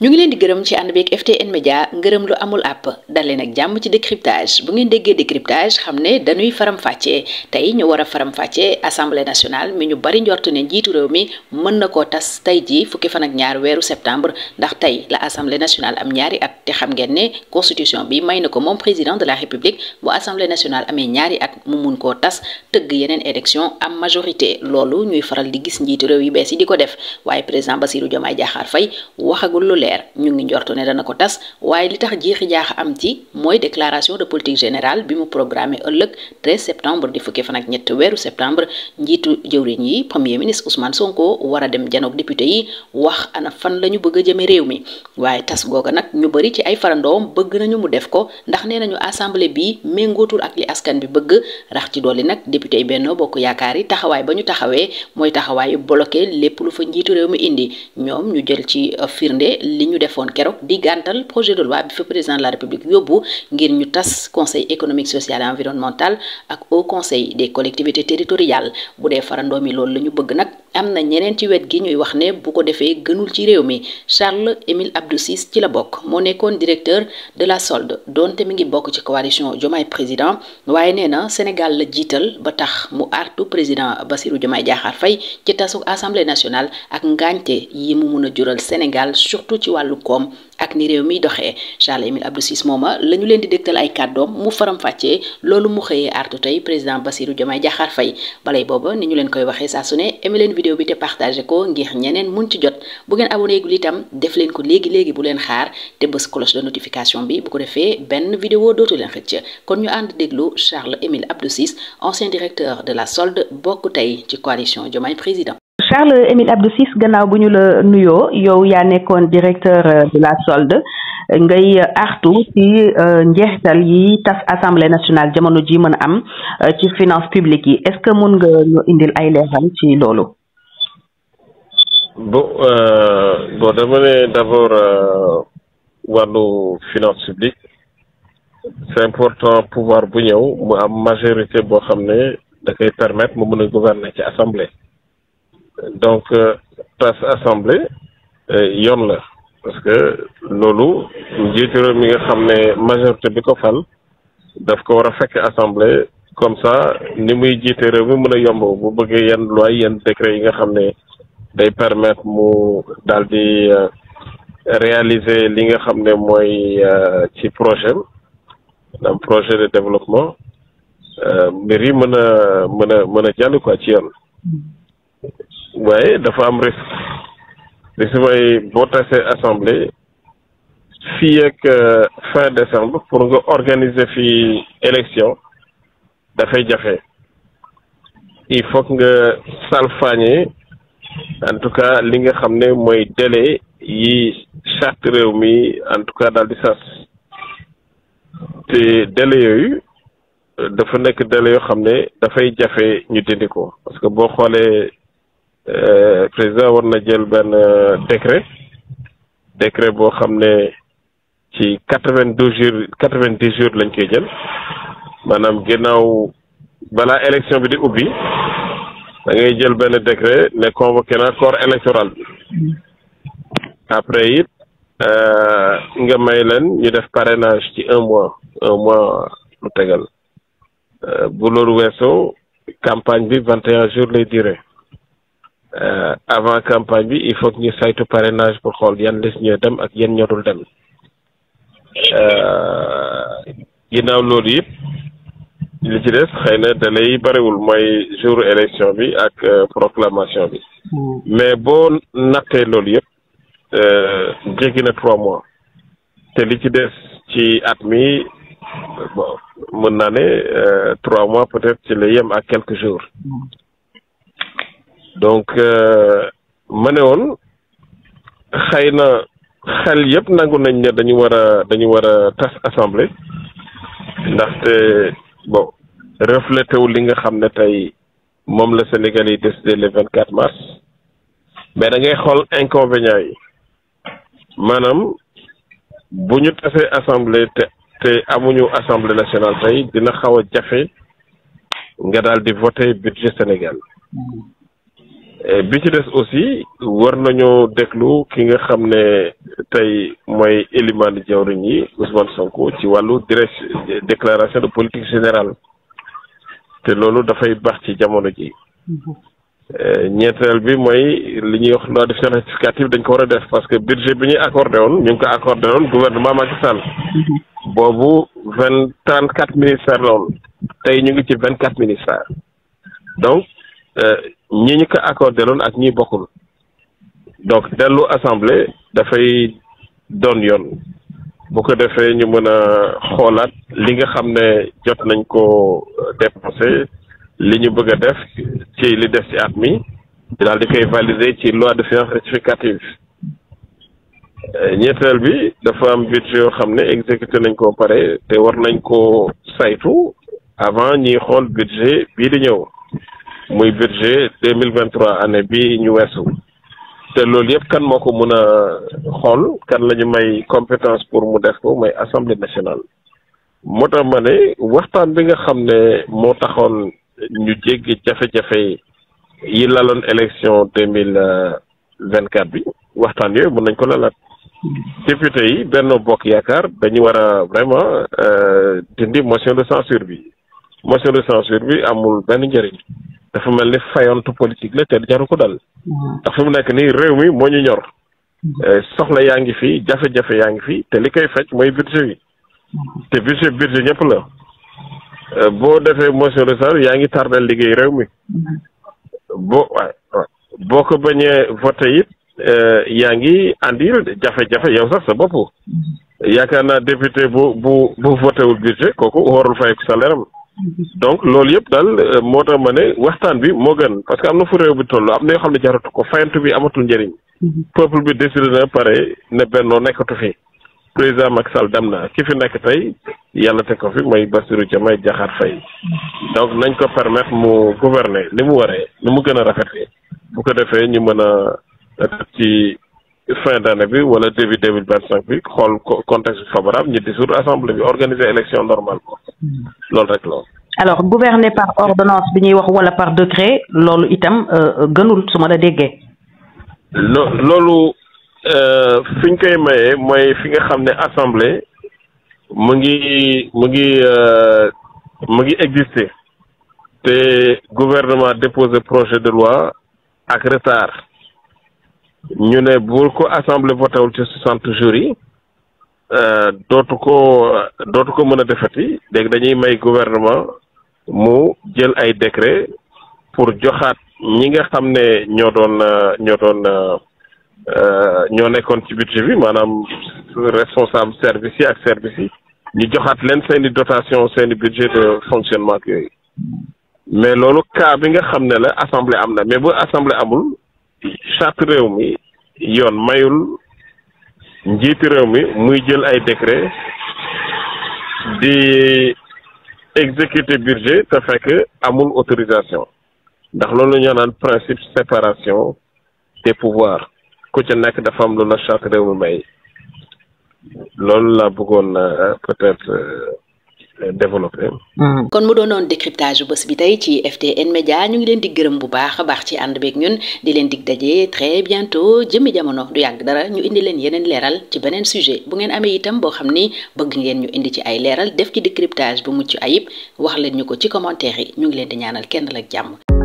ñu ngi leen di gërëm ci ànd beeg FTN Média ngërëm lu amul àpp dalee nag jàmm ci décryptage bu ngeen déggee décryptage xam ne dañuy faram-fàccee tey ñu war a faram-fàccee assemblée nationale mi ñu bari njort ne njiitu réew mi mën na koo tas tey jii fukki fan ak ñaar weeru septembre ndax tey la assemblée nationale am ñaari at te xam ngeen ne constitution bi may na ko moom président de la république bu assemblée nationale amee ñaari at mu mun koo tas tëgg yeneen élection am majorité loolu ñuy faral di gis njiitu réew yi bees yi di ko def waaye président Bassirou Diomaye Diakhar Faye waxagul lu APR ñu ngi njortu ne dana ko bi mu programmé ëllëg 13 septembre di fukki fan ak ñett weeru septembre njiitu jëwriñ yi premier ministre Ousmane a la ñu bëgg a jëme mi waaye tas googa nag ñu bëri ci ay farandoom bëgg nañu mu def ko ndax nee nañu assemblée bi méngootul ak li askan bi bëgg rax ci dolli nag député yi Benno Bokk Yaakaar yi taxawaay ba ñu taxawee mooy taxawaayu bloqué lépp lu fa njiitu réew mi indi ñoom ñu jël ci euh, firnde li ñu defoon keroog di projet de loi bi président de la république yóbbu ngir ñu tas conseil économique social et environnemental ak haut conseil des collectivités territoriales bu dee farandoo mi la ñu amna ñeneen ci wet gi ñuy wax ne bu ko defee gënul ci réew mi Charles Émile Abdusis ci la bokk moo nekkoon directeur de la solde donte mi ngi bokk ci coalition Diomaye président waaye nee na Sénégal la jiital ba tax mu artu président Bassirou Diomaye Diakhar fay ci tasu assemblée nationale ak ngaañte yi mu mun a jural Sénégal surtout ci wàllu koom ak ni Charles emile Abdou Ciss le la leen di dégtal ay kaddom mu faram-fàccee lolu mu artu tay président Bassirou Diomaye Diakhar Fay balay bobu ni ñu leen koy waxé sa suné ne leen vidéo bi té partagé ko ngir ñeneen mun ci jot bu ngeen abonné gul itam def leen ko légui légui bu leen xaar té bëss cloche de notification bi bu ko défé benn vidéo dootu leen connu kon ñu déglu Charles emile Abdou ancien directeur de la solde bokku tay ci coalition Diomaye président Charles Émile Abdoussis, gannaaw bu ñu la nuyoo yow yaa directeur euh, de la solde ngay artu ci euh, njeexital yi tas assemblée nationale jamono ji mën am euh, ci finance publique est-ce que mun nga ñu indil ay leeral ci loolu bon bon dama ne d'abord wàllu finance publique c'est important pouvoir bu ñëw mu am majorité boo xam ne da koy permettre mu gouverner ci assemblée donc euh, passe assemblée euh, yoon la parce que lolu njiitu réew mi nga xamné ne majorité bi ko fal daf ko wara fekk assemblée comme ça ni muy jiite réew mi mën yomb bu bëggé yenn loi yenn décret yi nga xamné ne day permettre mu daldi euh, réaliser li nga xamné moy ci projet maanaam projet de développement euh yi mëna mëna mëna a quoi ci yoon oui, dafa am risque risque mooy assemblée ak euh, fin décembre pour organiser fi élection il faut que nga en tout cas li nga xamné délai yi mi en tout cas dans di sas té délai yooyu dafa nek délai yo xamné que fay jafe ñu parce que bo Euh, président war na jël benn euh, décret décret boo xam ne ci quatre vingt deux jours quatre vingt dix jours lañ koy jël maanaam ginnaaw balaa élection bi di ubbi da ngay jël benn décret ne convoqué na corps électoral bi après it euh, nga may leen ñu def parenage ci un mois un mois lu tegal bu loolu weesoo campagne bi vingt et un jours lay duré. Euh, avant campagne bi il faut que ñu saytu parrainage pour xool yan des ñooy dem ak yan ñotul dem euh, ginaaw loolu yëpp li ci des xëy dalay bariwul yi mooy jour élection bi ak euh, proclamation bi mm. mais boo nattee loolu yëpp jéggi na trois mois te li ci des ci at mi bon mën naa ne trois mois peut-être ci la yem ak quelques jours mm. donc euh, ma ne woon xëy na xel yëpp nangu nañ ne dañu war a dañu war a tas assemblée ndaxte bon reflété wu li nga xam ne tey moom la Sénégal yi décidé le vingt quatre mars mais da ngay xool inconvénients yi maanaam bu ñu tasee assemblée te te amuñu assemblée nationale tey dina xaw a jafe nga daal di voté budget Sénégal Eh, bi ci des aussi war nañoo déglu ki nga xam ne tey mooy élimaan jawriñ yi Ousmane Sonko ci wàllu direct déclaration de politique général te loolu dafay baax ci jamono ji eh, ñeenteel bi mooy li ñuy wax loi de finances rectificative dañ ko war a def parce que budget bi ñuy accordé woon ñu ngi ko accordé woon gouvernement Macky Sall boobu vingt trente quatre ministères la tey ñu ngi ci vingt quatre ministères donc eh, ñi ñu ko accordé loon ak ñi bokkul donc dellu assemblée dafay doon yoon bu ko defee ñu mën a xoolaat li nga xam ne jot nañ ko euh, dépensé li ñu bëgg a def ci li def ci at mi daal di koy valider ci loi de finances rectificative euh, ñetteel bi dafa am budget yoo xam ne exécuté nañ ko pare te war nañ ko saytu avant ñiy xool budget bii di ñëw muy budget deux mille vingt trois année bi ñu weesu te loolu yëpp kan moo ko mën a xool kan lañu may compétence pour mu def ko mooy assemblée nationale moo tax ma ne waxtaan bi nga xam ne moo taxoon ñu jéggi jafe-jafe yi laloon élection deux mille vingt quatre bi waxtaan yooyu mun nañ ko lalaat député yi benn Bokk Yaakaar dañu war a vraiment euh, dindi motion de censure bi motion de censure bi amul benn njëriñ dafa mel ni fayontu politique la te jaru ko dal ndax fi mu nekk nii réew mi moo ñu ñor eh, soxla yaa ngi fi jafe-jafe yaa ngi fi te li koy faj mooy budget yi te budget budget ñëpp la eh, boo defee motion de censure yaa ngi tardal liggéey réew mi boo boo ko bañee voté it eh, yaa ngi andi jafe-jafe yow sax sa bopp yaakaar naa député bu bu bu voté wul budget kooku warul fay ko salaire am donc loolu yëpp daal euh, moo tax ma ne waxtaan bi moo gën parce que am na fu réew bi toll am na yoo xam ne jaratu ko fayantu bi amatul njëriñ. Mhm. peuple bi décidé na pare ne bennoo nekkatu fi président Macky Sall dem na ki fi nekk tey yàlla teg ko fi mooy Bassirou may jaxaat Faye donc nañ ko permetre mu gouverner li mu waree ni mu gën a rafetee bu ko defee ñu mën a euh, ci fin d'année bi wala début deux mille vingt cinq bi xool contexte favorable ñu dissoudre assemblée bi organiser élection normale ko loolu rek alors gouverné par ordonnance bi ñuy wax wala par décret loolu itam euh, gënul su de la déggee. lo euh fiñ koy mayé moy fi nga xamné assemblée mu ngi mu ngi euh, mu ngi exister te gouvernement déposé projet de loi ak retard ñu ne bu ko assemblée votewul ci 60 jours yi. Euh, dootu ko dootu ko mën a defati léegi dañuy may gouvernement mu jël ay décret pour joxaat ñi nga xam ne ñoo doon ñoo doon euh, ñoo nekkoon ci budget bi maanaam responsable service yi ak service yi ñu joxaat leen seeni dotation seeni budget de fonctionnement ak yooyu mais loolu cas bi nga xam ne la assemblée am na mais bu assemblée amul charte réew mi yoon mayul njiiti réew mi muy jël ay décret di exécuter budget te fekk amul autorisation ndax loolu ñoo naan principe séparation des pouvoirs ku ca nekk dafa am lu la charte réew mi may loolu la bëggoon euh, peut-être euh, développé. Hmm. kon mu doonoon décryptage bés bi tey ci FTN Média ñu ngi leen di gërëm bu baax a baax ci ànd beeg ñun di leen dig daje très bientôt jëmmi jamono du yàgg dara ñu indi leen yeneen leeral ci beneen sujet bu ngeen amee itam boo xam ni bëgg ngeen ñu indi ci ay leeral def ci décryptage bu mucc ayib wax leen ñu ko ci commentaires yi ñu ngi leen di ñaanal kenn la jàmm.